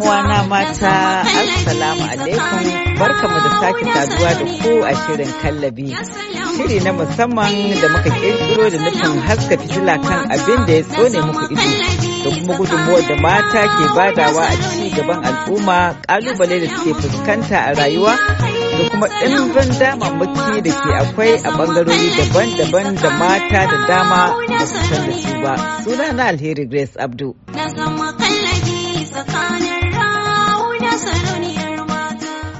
uwana mata assalamu alaikum barkamu da sake saduwa da ku a shirin kallabi shiri na musamman da muka kirkiro da nufin haska fitila kan abin da ya tsone muku ido da kuma gudunmuwar da mata ke badawa a ci gaban al'umma kalubale da suke fuskanta a rayuwa da kuma ɗimbin damammaki da ke akwai a ɓangarori daban-daban da mata da dama da su da su ba. Suna na Alheri Grace Abdu.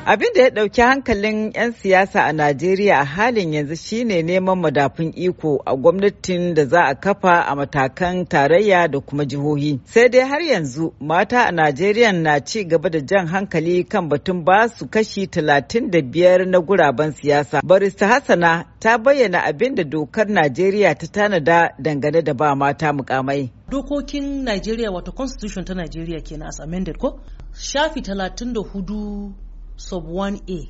Abin da ya ɗauki hankalin 'yan siyasa a Najeriya a halin yanzu shine neman madafun iko a gwamnatin da za a kafa a matakan tarayya da kuma jihohi. Sai dai har yanzu mata a Najeriya na ci gaba da jan hankali kan batun ba su kashi 35 na guraben siyasa. Barista Hassana ta bayyana abin da dokar Najeriya ta tanada dangane da ba mata mukamai. Dokokin Najeriya wato Constitution ta Najeriya kenan as amended ko? Shafi 34 sub 1a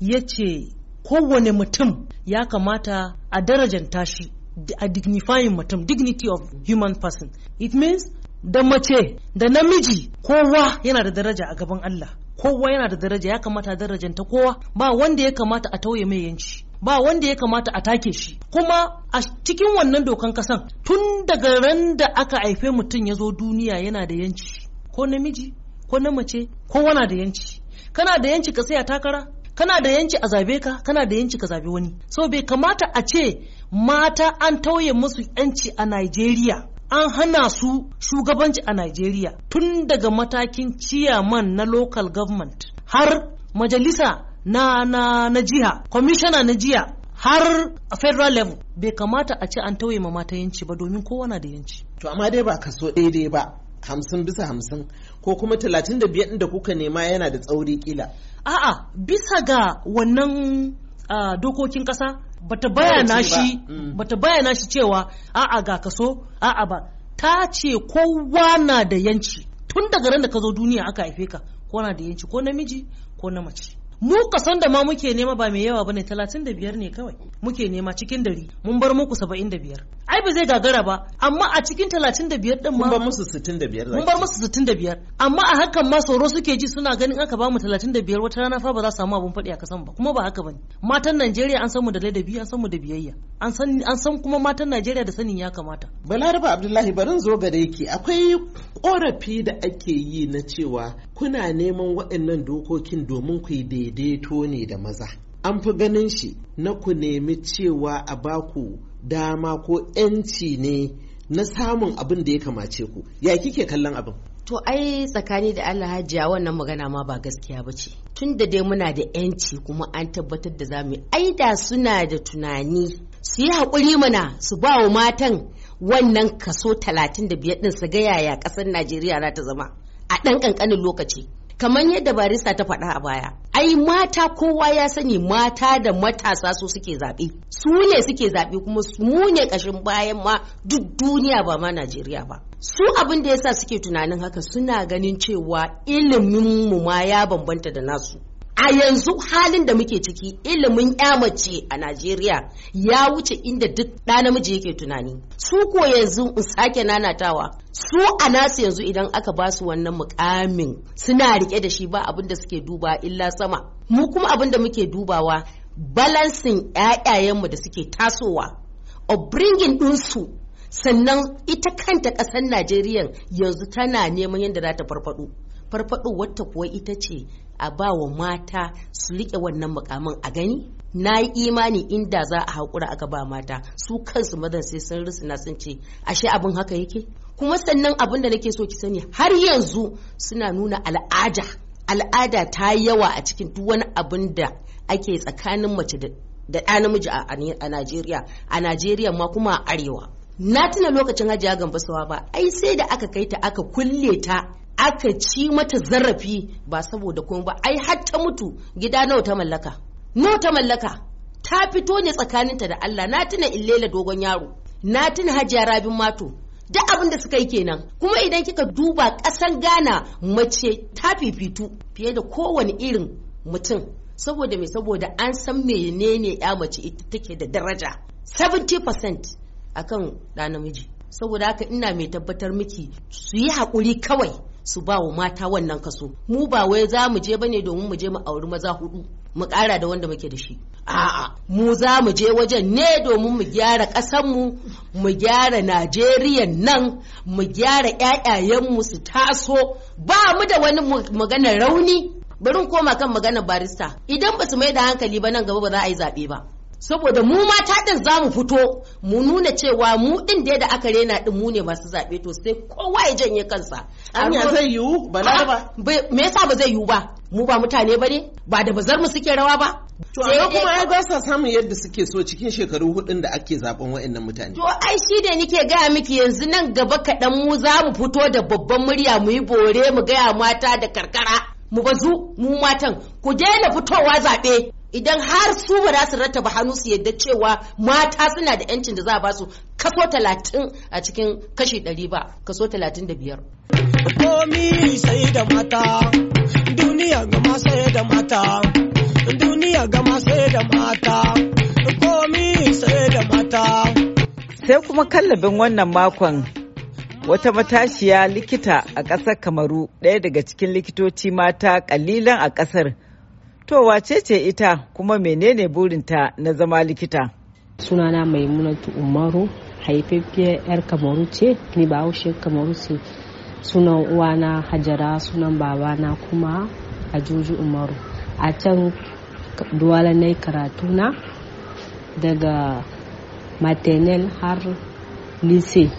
ya ce kowane mutum ya kamata a darajanta shi a dignifying mutum dignity of human person it means da mace da namiji kowa yana da daraja a gaban Allah kowa yana da daraja ya kamata darajanta kowa ba wanda ya kamata a tauye mai yanci ba wanda ya kamata a take shi kuma a cikin wannan dokan kasan tun daga ran da aka haife mutum ya zo duniya yana da yanci ko namiji ko na mace kowa na da yanci kana da yanci ka saya takara kana da yanci a zabe ka kana da yanci ka zabe wani so bai kamata a ce mata an tauye musu yanci a Najeriya an hana su shugabanci a Najeriya tun daga matakin ciyaman na local government har majalisa na na na jiha kwamishana na jiha har a federal level bai kamata a ce an tauye ma mata yanci ba domin kowa na da yanci to amma dai ba kaso daidai ba hamsin bisa hamsin ko kuma talatin da kuka nema yana da tsauri kila a'a bisa ga wannan dokokin kasa bata bayana shi mm. bata bayana shi cewa a'a ga kaso a'a ba ta ce kowa na da yanci tun daga ran da ka zo duniya aka haife ka ko na da yanci ko namiji ko na mace mu kason da ma muke nema ba mai yawa bane 35 ne kawai muke nema cikin dari mun bar muku biyar. ai ba zai gagara ba amma a cikin 35 din ma mun bar musu 65 mun bar musu 65 amma a hakan ma tsoro suke ji suna ganin aka ba mu 35 wata rana fa ba za su samu abun faɗi a kasan ba kuma ba haka bane matan Najeriya an san mu da ladabi an san mu da biyayya an san kuma matan Najeriya da sanin ya kamata Balaraba Abdullahi barin zo gare ki akwai korafi da ake yi na cewa kuna neman waɗannan dokokin domin ku yi daidaito ne da maza an fi ganin shi na ku nemi cewa a baku dama ko 'yanci ne na samun abin da ya kamace ku ya kike kallon abin to ai tsakani da Allah hajiya wannan magana ma ba gaskiya ba ce tun da dai muna da 'yanci kuma an tabbatar da zamu ai da suna da tunani su yi haƙuri mana su ba wa matan wannan kaso talatin da biyar ɗin su ga yaya ƙasar Najeriya za ta zama a ɗan ƙanƙanin lokaci kamar yadda barista ta faɗa a baya ai mata kowa ya sani mata da matasa su suke zaɓe su ne suke zaɓe kuma mu ne ƙashin bayan ma duk duniya ba ma Najeriya ba su abin da ya sa suke tunanin haka suna ganin cewa ilimin mu ma ya bambanta da nasu a yanzu halin da muke ciki ilimin ya mace a Najeriya ya wuce inda duk ɗa namiji yake tunani su ko yanzu in sake nanatawa su a nasu yanzu idan aka ba su wannan mukamin suna rike da shi ba abin da suke duba illa sama mu kuma abin da muke dubawa balansin ƴaƴayenmu da suke tasowa obringin ɗinsu sannan ita kanta ƙasar Najeriya yanzu tana neman yadda za ta farfaɗo farfaɗo wata kuwa ita ce a ba wa mata su riƙe wannan mukamin a gani na yi imani inda za a haƙura aka ba mata su kansu madan sai sun na sun ce ashe abin haka yake kuma sannan abin da nake so ki sani har yanzu suna nuna al'ada al'ada ta yawa a cikin duk wani abin da ake tsakanin mace da ɗa namiji a Najeriya a Najeriya ma kuma a arewa na tuna lokacin hajiya gambasawa ba ai sai da aka kai ta aka kulle ta aka ci mata zarafi ba saboda kuma ba ai har ta mutu gida nawa ta mallaka nawa ta mallaka ta fito ne tsakaninta da Allah na tuna illela dogon yaro na tuna hajiya rabin mato duk abin da suka yi kenan kuma idan kika duba ƙasan Ghana mace ta fifitu fiye da kowane irin mutum saboda mai saboda an san menene ya mace ita take da daraja 70% akan ɗa namiji saboda haka ina mai tabbatar miki su yi haƙuri kawai su ba wa mata wannan kaso mu ba wai za mu je bane domin mu je mu auri maza hudu mu ƙara da wanda muke da shi a'a mu za mu je wajen ne domin mu gyara ƙasanmu mu mu gyara najeriya nan mu gyara mu su taso ba mu da wani maganar rauni bari koma kan maganar barista idan ba su mai da hankali ba nan gaba ba za a yi zaɓe ba saboda mu mata din za mu fito mu nuna cewa mu din da aka rena din mu ne masu zaɓe to sai kowa ya janye kansa anya zai yiwu ba ba me yasa ba zai yiwu ba mu ba mutane ba ne ba da bazar mu suke rawa ba to amma kuma ai ba sa samun yadda suke so cikin shekaru hudun da ake zaben wayannan mutane to ai shi da nake gaya miki yanzu nan gaba kaɗan mu za mu fito da babban murya mu yi bore mu gaya mata da karkara mu bazu mu matan ku daina fitowa zaɓe idan har su ba za su rattaba hannu su yadda cewa mata suna da yancin da za a ba su kaso talatin a cikin kashi ɗari ba kaso talatin da biyar. Komi sai da mata, duniya gama sai da mata, duniya gama sai da mata, komi sai da mata. Sai kuma kallabin wannan makon wata matashiya likita a ƙasar Kamaru ɗaya daga cikin likitoci mata ƙalilan a ƙasar. To wace ce ita kuma menene burinta na zama likita? Sunana Maimunatu Umaru haifaffiyar 'yar Kamaru ce, ni ba haushe Kamaru ce. Sunan uwana Hajara, sunan babana kuma a juji Umaru. A can duwala na karatuna daga maternal har lise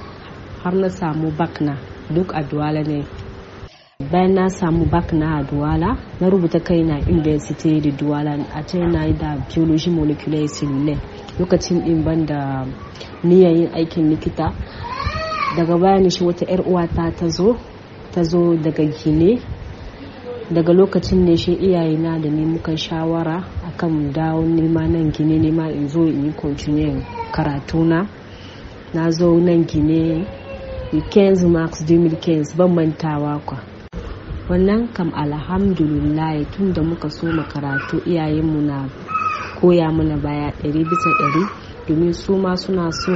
har na samu bakna duk a duwala ne bayan na samu bak na a duwala na rubuta kai na university da duwala a can na yi da biology molecular cellular lokacin din ban da niyan yin aikin likita daga bayan shi wata yar uwata ta zo ta zo daga gine daga lokacin ne shi na da ni muka shawara akan dawo nema nan gine nema in zo in yi continue karatuna na zo nan gine 15 max 2015 ban mantawa kwa wannan kam alhamdulillah tun da muka soma karatu iyayenmu na koya mana baya ɗari bisa ɗari domin su ma suna so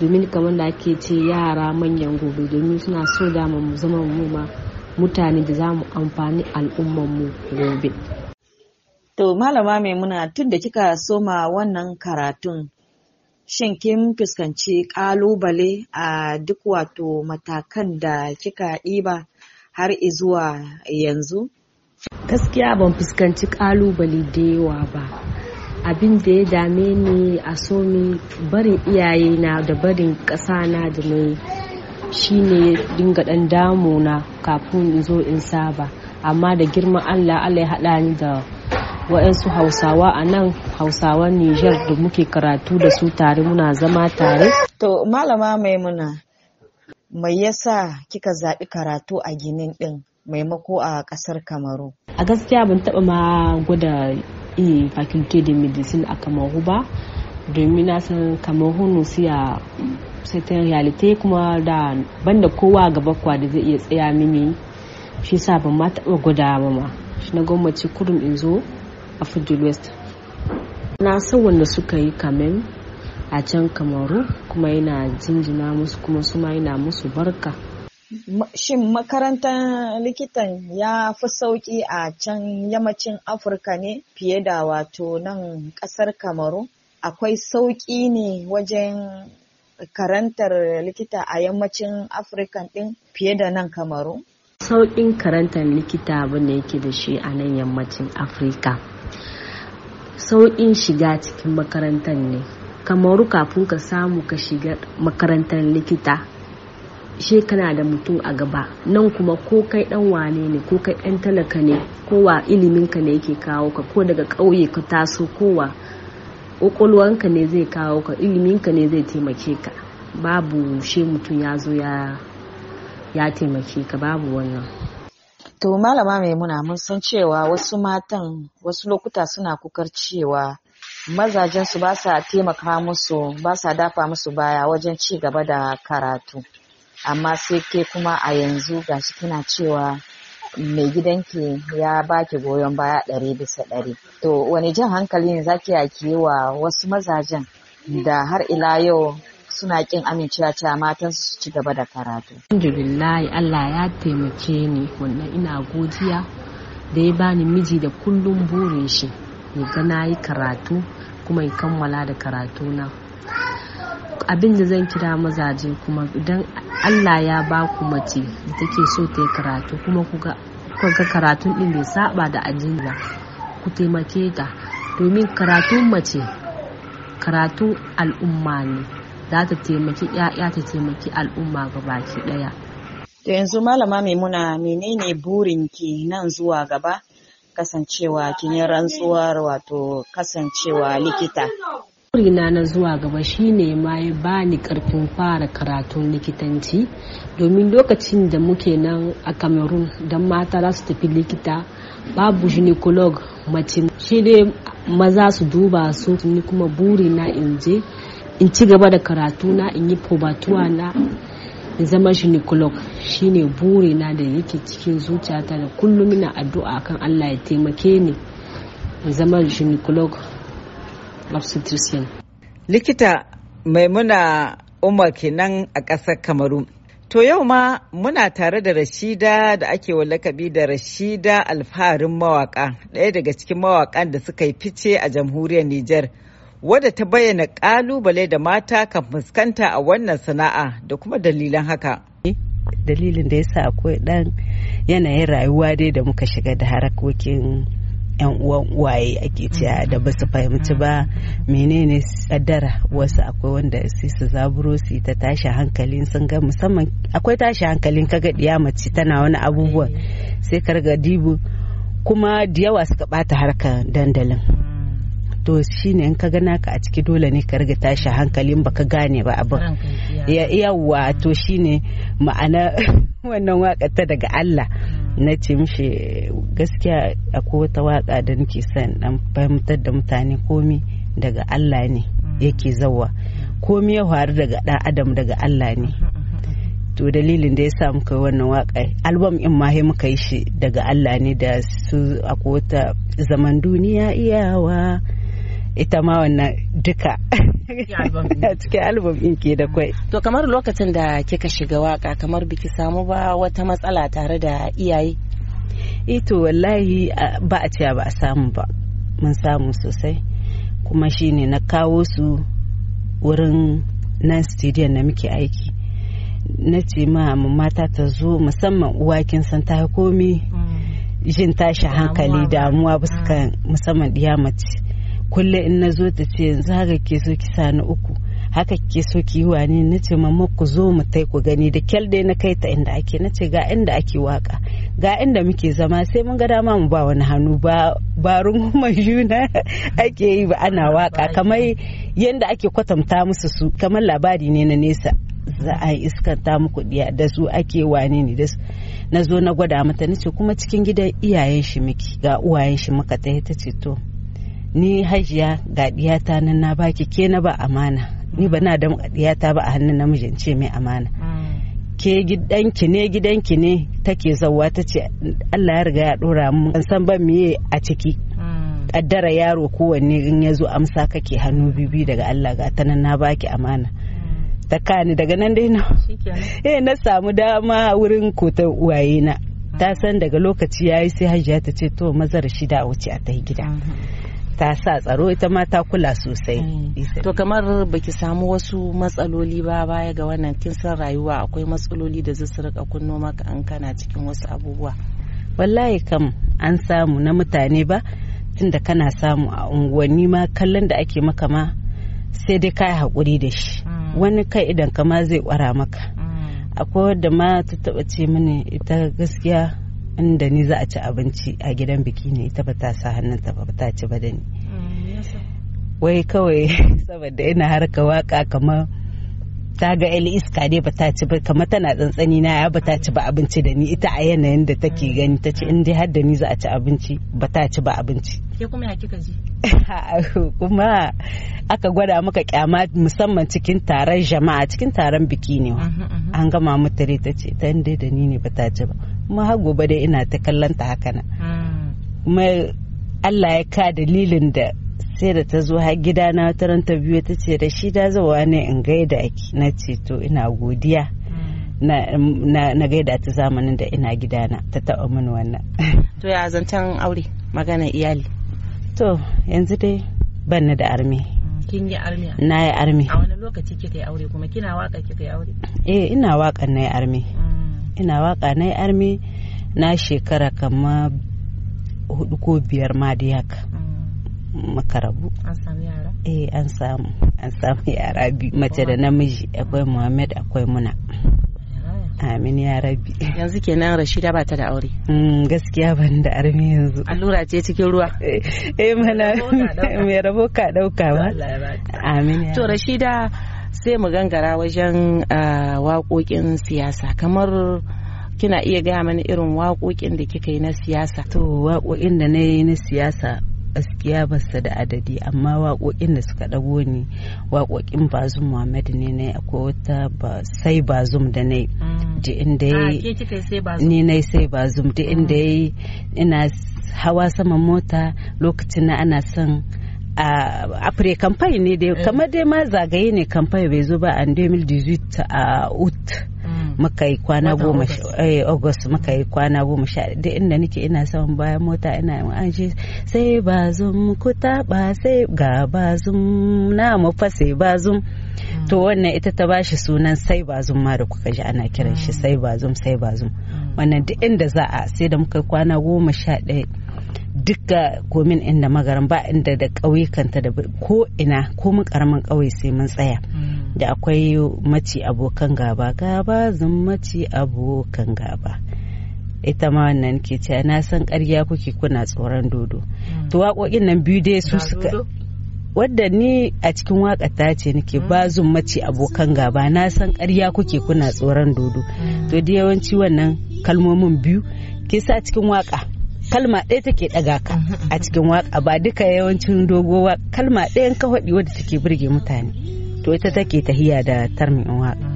domin kamar da ake ce yara manyan gobe domin suna so dama mu zama mu ma mutane da za mu amfani al'ummanmu gobe. To malama muna tun da kika soma wannan karatun shin kin fuskanci kalubale a duk wato matakan da kika ɗiba har izuwa yanzu? Gaskiya ban fuskanci kalubale da yawa ba. Abin da ya dame ni a somi barin iyaye na da barin na da mai shi ne dinga ɗan damuna kafin in zo in saba. Amma da girman Allah Allah ya haɗa ni da waɗansu hausawa a nan hausawan Nijar da muke karatu da su tare muna zama tare. To malama maimuna mai yasa kika zaɓi karatu a ginin ɗin maimako a ƙasar kamaru a gaskiya ban taɓa ma gwada e faculty de medicine a kamaru ba domin na san kamaru siya certain realite kuma da banda kowa gaba kwa da zai iya tsaya mini shi sa ban ma taɓa gwada ma shi na gwamnati kurin in zo a fidil west na san wanda suka yi kamen a can kamaru kuma yana jinjina musu kuma suma yana musu barka shin makarantar likitan ya fi sauƙi a can yammacin afirka ne fiye da wato nan ƙasar kamaru akwai sauƙi ne wajen karantar likita a yammacin afirka ɗin fiye da nan kamaru sauƙin karantar likita abin da yake da shi a nan yammacin afirka sauƙin shiga cikin makarantar ne kamaru kafin ka samu ka shiga makarantar likita she kana da mutum a gaba nan kuma ko kai dan wane ne ko kai dan talaka ne kowa iliminka ne yake kawo ka ko daga ƙauye ka taso kowa ƙwaƙwalwanka ne zai kawo ka iliminka ne zai taimake ka babu she mutum ya zo ya ya taimake ka babu wannan to malama maimuna mun san cewa wasu matan wasu lokuta suna kukar cewa mazajen su ba sa taimaka musu ba sa dafa musu baya wajen ci gaba da karatu amma sai ke kuma a yanzu gashi kina cewa mai gidanki ya baki goyon baya ɗari bisa ɗari to wani jan hankali ne zaki yaki wa wasu mazajen da har ila yau suna kin amincewa cewa matan su ci gaba da karatu alhamdulillahi Allah ya taimake ni wannan ina godiya da ya bani miji da kullum burin shi ya ga na yi karatu kuma in kammala da karatu na abin da zan kira mazaje kuma idan allah ya ba ku mace da take so ta yi karatu kuma kuka ga karatun din bai saba da addini ba ku taimake ta domin karatun mace karatun al'umma ne za ta taimaki ƴaƴa ta taimaki al'umma ga baki daya To yanzu malama maimuna menene burin ki nan zuwa gaba kasancewa rantsuwar wato kasancewa likita burina na zuwa gaba shine ma ya bani karfin fara karatun likitanci domin lokacin da muke nan a cameroon don mata za su tafi likita babu gynecolog mace shi dai maza su duba su ni kuma burina in je in ci gaba da karatuna in yi probatuwa na zama gynecolog shine burina da yake cikin zuciyata da kullum ina addu'a kan Allah ya taimake ni zama gynecolog obstetrician likita maimuna umar kenan a ƙasar kamaru to yau ma muna tare da rashida da ake lakabi da rashida alfaharin mawaka ɗaya daga cikin mawakan da suka yi fice a jamhuriyar niger wadda ta bayyana kalubale da mata kan fuskanta a wannan sana'a da kuma dalilan haka. Dalilin da ya sa akwai ɗan yanayin rayuwa dai da muka shiga da harakokin 'yan uwan uwaye ake cewa mm. da ba su fahimci ba menene tsadara wasu akwai wanda sai su zaburo su ta tashi hankalin sun ga musamman akwai tashi hankalin kaga diya mace tana wani abubuwa eh. sai karga dibu kuma da yawa suka bata harkar dandalin to shine in ka gana ka a ciki dole ne ka riga tashi hankalin baka gane ba abin yawwa to shine ma'ana wannan waka ta daga Allah mm. na ce mishi gaskiya akwai wata waka da nake son dan fahimtar da mutane komi daga Allah ne mm. yake zawa komi ya faru daga dan adam daga Allah ne mm-hmm, mm-hmm, mm-hmm. to dalilin da ya sa muka yi wannan waka album in ma muka yi shi daga Allah ne da su akwai wata zaman duniya iyawa ita ma wannan duka a cikin album ɗin ke da kwai to kamar lokacin da kika shiga waka kamar biki samu ba wata matsala tare da iyaye ito eh wallahi ba a cewa ba a samu ba mun samu sosai kuma shine na kawo su wurin nan studio na muke aiki na ce ma mata ta zo musamman uwa kin san ta komi mm. jin tashi hankali damuwa bisa mm. musamman diya mace kullum in na zo ta ce yanzu haka ke so ki sani uku haka ke so ki yi wani na ce mamma ku zo mu tai ku gani da kyal dai na kai ta inda ake na ce ga inda ake waka ga inda muke zama sai mun ga dama mu ba wani hannu ba ba rungumar juna ake yi ba ana waka kamar yanda ake kwatanta musu su kamar labari ne na nesa za a yi iskanta muku diya da su ake wani ne da su na zo na gwada mata na ce kuma cikin gidan iyayen shi miki ga uwayen shi muka ta ce to ni hajiya ga diyata nan na baki ke na ba amana ni ba na da diyata ba a hannun namijin ce mai amana ke gidanki ne gidanki ne take zauwa ta ce Allah ya riga ya dora mu ban san ban miye a ciki kaddara mm. yaro kowanne in ya zo amsa kake hannu bibi daga Allah ga ta nan na baki amana mm. ta kani daga nan dai na eh na samu dama wurin kota uwaye na ta mm. san daga lokaci yayi sai hajiya ta ce to mazar shida wuce a ta gida mm-hmm. ta sa tsaro ita ma ta kula sosai mm. to kamar baki samu wasu matsaloli ba baya ga wannan kin san rayuwa akwai matsaloli da zai rika kunno maka an kana cikin wasu abubuwa wallahi kam an samu na mutane ba tunda kana samu a unguwanni ma kallon da ake maka ma sai dai kai haƙuri da shi mm. wani kai idan kama zai kwara maka mm. akwai wadda ma ta taɓa ce mini ita gaskiya inda ni za a ci abinci a gidan biki ne ita ba ta sa hannunta ba ta ci ba da ni mm, wai kawai saboda ina harka waka kamar ta ga Ali iska dai ba ta ci ba kamar tana tsantsani na ya ba ta ci ba abinci da ni ita a yanayin da take gani ta ce in dai har da ni za a ci abinci ba ta ci ba abinci ke kuma ya kika ji kuma aka gwada maka kyama musamman cikin taron jama'a cikin taron biki ne wa? an gama mu tare ta ce ta dai da ni ne ba ta ci ba kuma har gobe dai ina ta kallon ta haka na hmm. kuma Allah ya ka dalilin da sai da ta zo har gida na taron ta biyu ta ce da zawa ne in gaida ki na ce to ina godiya mm. na gaida ta zamanin da ina gidana ta taɓa mini wannan to ya zancen aure magana iyali to yanzu dai ban da armi mm, kin yi armi na yi armi a wani lokaci kika yi aure kuma kina waka kika yi aure eh ina waka na yi armi mm. ina waka na yi armi na shekara kama hudu ko biyar ma da yaka makarabu. rabu an samu yara eh an samu an samu yara biyu mace da namiji akwai muhammad akwai muna amin ya rabi yanzu kenan rashida ba ta da aure mm, gaskiya ban da armi yanzu allura ce cikin ruwa eh, eh mana mai rabo ka dauka ba amin to rashida sai mu gangara wajen ah, waƙoƙin siyasa kamar kina iya gaya mana irin waƙoƙin da kika yi na siyasa to waƙoƙin da na yi na siyasa gaskiya ba su da adadi amma waƙoƙin da suka ɗago ni waƙoƙin bazum muhammad ne na akwai wata ba sai bazum da na ji mm. inda ya ah, ni na sai bazum da inda ya ina hawa sama mota lokacin na ana son a afre kamfani ne dai eh. kamar dai ma zagaye ne kamfani bai zo ba a 2018 a ut mm. muka yi kwana goma eh, august muka yi kwana goma sha duk inda nake ina samun bayan mota ina an shi sai bazum ku taɓa sai ga bazum na mu fase bazum mm. to wannan ita ta bashi sunan sai bazum ma da kuka ji ana kiran shi mm. sai bazum sai bazum mm. wannan duk inda za a sai da muka kwana goma sha ɗaya duka komin inda magaran ba inda da ƙauyukanta da ko ina ko mun karamin ƙauye sai mun tsaya da akwai mace abokan gaba gaba zan mace abokan gaba ita ma wannan ke cewa na san ƙarya kuke kuna tsoron dodo hmm. to waƙoƙin nan biyu dai su suka wadda ni a cikin waka ta ce nake ba hmm. zun mace abokan gaba na san ƙarya kuke kuna tsoron dodo hmm. to da yawanci wannan kalmomin biyu ke sa cikin waka kalma ɗaya take ɗaga ka a cikin waka ba duka yawancin dogowa kalma ɗayan ka faɗi wadda take burge mutane to ita take tahiya da tarmin waƙa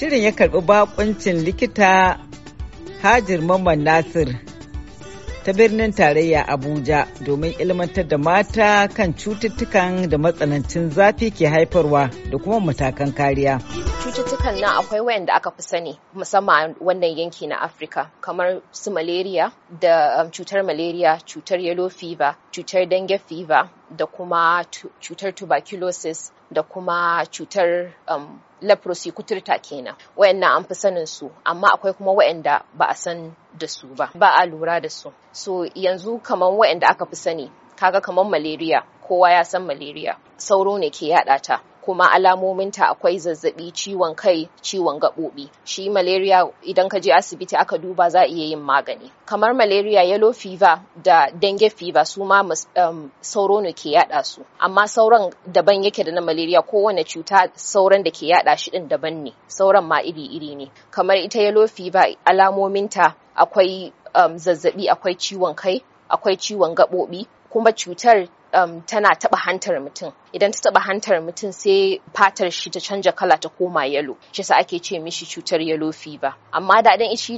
Shirin ya karbi bakuncin likita Hajir Mamman Nasir ta birnin tarayya Abuja domin ilmantar da mata kan cututtukan da matsanancin zafi ke haifarwa da kuma matakan kariya. cututtukan na akwai wayanda aka fi sani musamman wannan yanki na Afirka kamar su malaria da um, cutar malaria, cutar yellow fever, cutar dengue fever da kuma cutar tuberculosis da kuma cutar um, leprosy kuturta kenan wayannan an fi sanin su amma akwai kuma wayanda ba a san da su ba ba a lura da su so yanzu kamar wayanda aka fi sani kaga kamar malaria kowa ya san malaria sauro ne ke yada ta kuma alamominta akwai zazzabi ciwon kai ciwon gaɓoɓi shi malaria idan ka je asibiti aka duba za a iya yin magani kamar malaria yellow fever da dengue fever su ma um, sauro ne ke yada su amma sauran daban yake da na malaria kowane cuta sauran da ke yada shi din daban ne sauran ma iri iri ne kamar ita yellow fever alamominta akwai um, zazzabi akwai ciwon kai akwai ciwon gaɓoɓi kuma cutar um, tana taɓa hantar mutum idan ta taba hantar mutum sai fatar shi ta canja kala ta koma yalo shi sa ake ce mishi cutar yalo fiba amma daɗin shi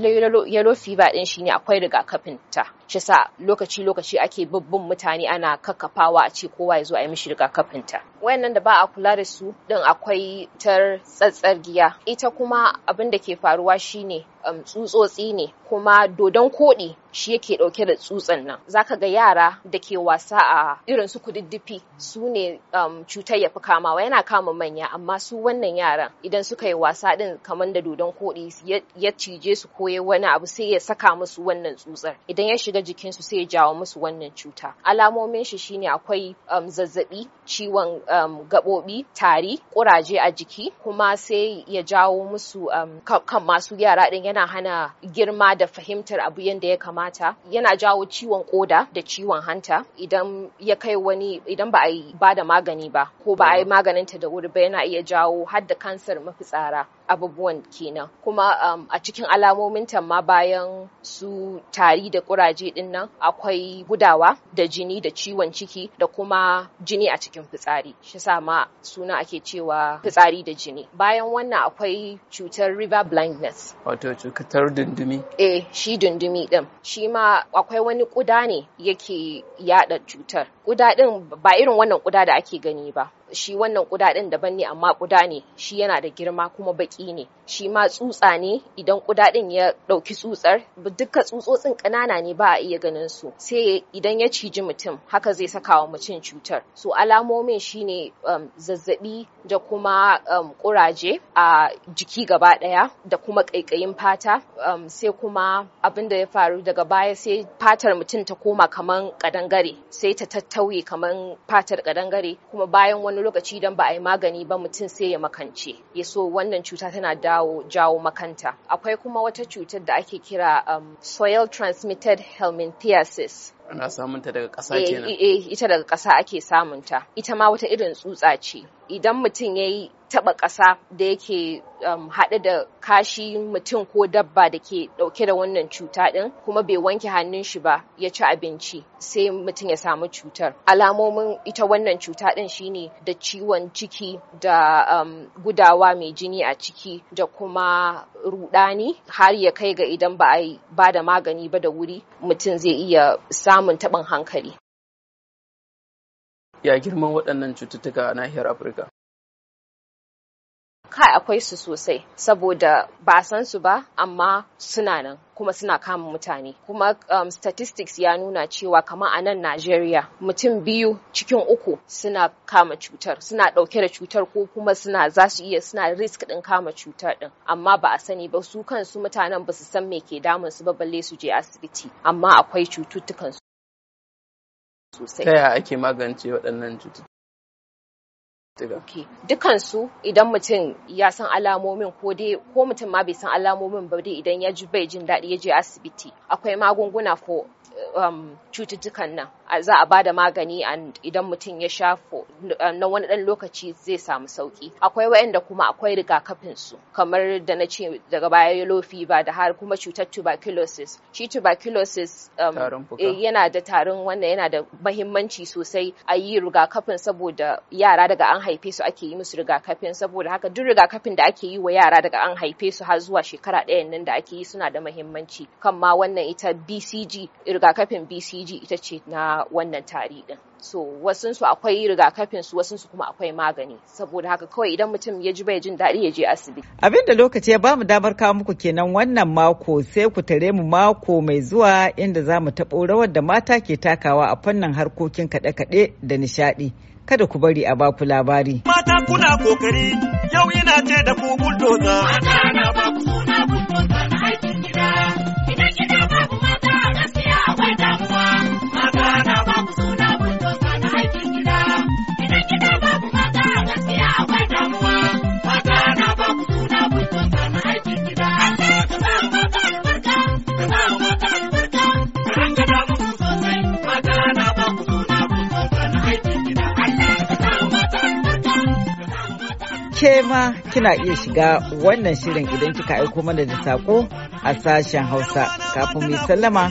yalo fiba din shine akwai rigakafin ta shi sa lokaci lokaci ake babbin mutane ana kakkafawa a ce kowa ya zo a yi mishi rigakafin ta wayannan da ba a kula da su din akwai tar tsatsar giya ita kuma abin da ke faruwa shine um, tsutsotsi ne kuma dodon koɗi shi yake ɗauke da tsutsan nan zaka ga yara da ke wasa a irin su kududdufi su ne um, cutar ya fi kamawa yana kama manya amma su wannan yaran idan suka yi wasa din kamar da dodon koɗi ya cije su ko ya wani abu sai ya saka musu wannan tsutsar idan ya shiga jikinsu sai ya jawo musu wannan cuta alamomin shi shine akwai um, zazzabi ciwon um, gaɓoɓi tari ƙuraje a jiki kuma sai ya jawo musu um, kan masu yara ɗin yana hana girma da fahimtar abu yadda ya kamata yana jawo ciwon ƙoda da ciwon hanta idan ya kai wani idan ba a yi ba da magani ba ko ba a yi mm. maganinta da wuri ba yana iya jawo har da kansar mafitsara abubuwan kenan kuma um, a cikin alamomin ma bayan su tari da kuraje dinnan akwai gudawa da jini da ciwon ciki da kuma jini a cikin rashin fitsari shi sa ma suna ake cewa fitsari da jini bayan wannan akwai cutar river blindness wato cutar dundumi eh shi dundumi din shi ma akwai wani kuda ne yake yada cutar kuda din ba irin wannan kuda da ake gani ba shi wannan kuda daban ne amma kuda ne shi yana da girma kuma baki ne shi ma tsutsa ne idan kudaden ya dauki tsutsar duka tsutsotsin kanana ne ba a iya ganin su sai idan ya ciji mutum haka zai saka wa mutum cutar so alamomin shine um, zazzabi da kuma um, kuraje a jiki gaba daya da kuma kaikayin fata um, sai kuma abin da ya faru daga baya sai fatar mutum ta koma kaman kadangare sai ta tattauye kaman fatar kadangare kuma bayan wani lokaci idan ba a yi magani ba mutum sai ya makance ya so wannan cuta tana dawo jawo makanta akwai kuma wata cutar da ake kira um, soil transmitted helminthiasis ana samunta daga ƙasa kenan eh, eh, ita daga ƙasa ake samunta ita ma wata irin tsutsa ce idan mutum ya yi taɓa ƙasa da yake um, haɗe da kashi mutum ko dabba da ke ɗauke da wannan cuta ɗin kuma bai wanke hannun shi ba ya ci abinci sai mutum ya samu cutar alamomin ita wannan cuta ɗin shine da ciwon ciki da um, gudawa mai jini a ciki da kuma rudani har ya kai ga idan ba a yi ba da magani ba da wuri mutum zai iya samun taɓin hankali ya girman waɗannan cututtuka a nahiyar afirka kai akwai su sosai saboda ba san su ba amma suna nan kuma suna kama mutane kuma um, statistics ya nuna cewa kama a nan Najeriya mutum biyu cikin uku suna kama cutar suna ɗauke da cutar ko kuma suna za su iya suna risk ɗin kama cutar ɗin amma ba a sani ba su kansu mutanen ba su san me ke damun su ba balle su je asibiti amma akwai cututtukan sosai. Ta yaya ake magance waɗannan cututtuka? Okay. Dukansu idan mutum ya san alamomin ko dai ko mutum ma bai san alamomin ba dai idan ya ji bai jin daɗi ya je asibiti akwai magunguna ko um, cututtukan nan. za a bada magani idan mutum ya sha uh, na wani dan lokaci zai samu sauki akwai wayanda kuma akwai rigakafin su kamar da na ce daga baya yellow fever da har kuma cutar tuberculosis shi tuberculosis um, eh, yana da tarin wannan yana da mahimmanci sosai a yi rigakafin saboda yara daga an haife su ake yi musu rigakafin saboda haka duk rigakafin da ake yi wa yara daga an haife su har zuwa shekara ɗayan nan da ake yi suna da mahimmanci kan ma wannan ita BCG rigakafin BCG ita ce na wannan tari din so wasunsu akwai rigakafin su wasunsu kuma akwai magani saboda haka kawai idan mutum ya ji bai jin daɗi ya je asibiti abin da lokaci ya bamu damar kawo muku kenan wannan mako sai ku tare mu mako mai zuwa inda za mu taɓo rawar da mata ke takawa a fannin harkokin kaɗe-kaɗe da nishaɗi kada ku bari a baku labari mata kuna kokari yau yana ce da ku bulldozer ke ma kina iya shiga wannan shirin idan kika aiko mana da sako a sashen hausa kafin mai sallama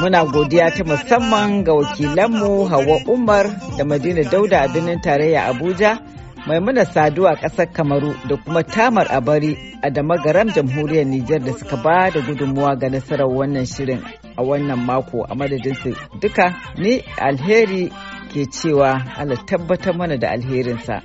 muna godiya ta musamman ga wakilanmu hawa umar da madina dauda a birnin tarayya abuja maimuna sadu a ƙasar kamaru da kuma tamar abari a damagaram jamhuriyar nijar da suka ba da gudunmuwa ga nasarar wannan shirin a wannan mako a madadin su duka ni alheri ke cewa Allah tabbatar mana da alherinsa.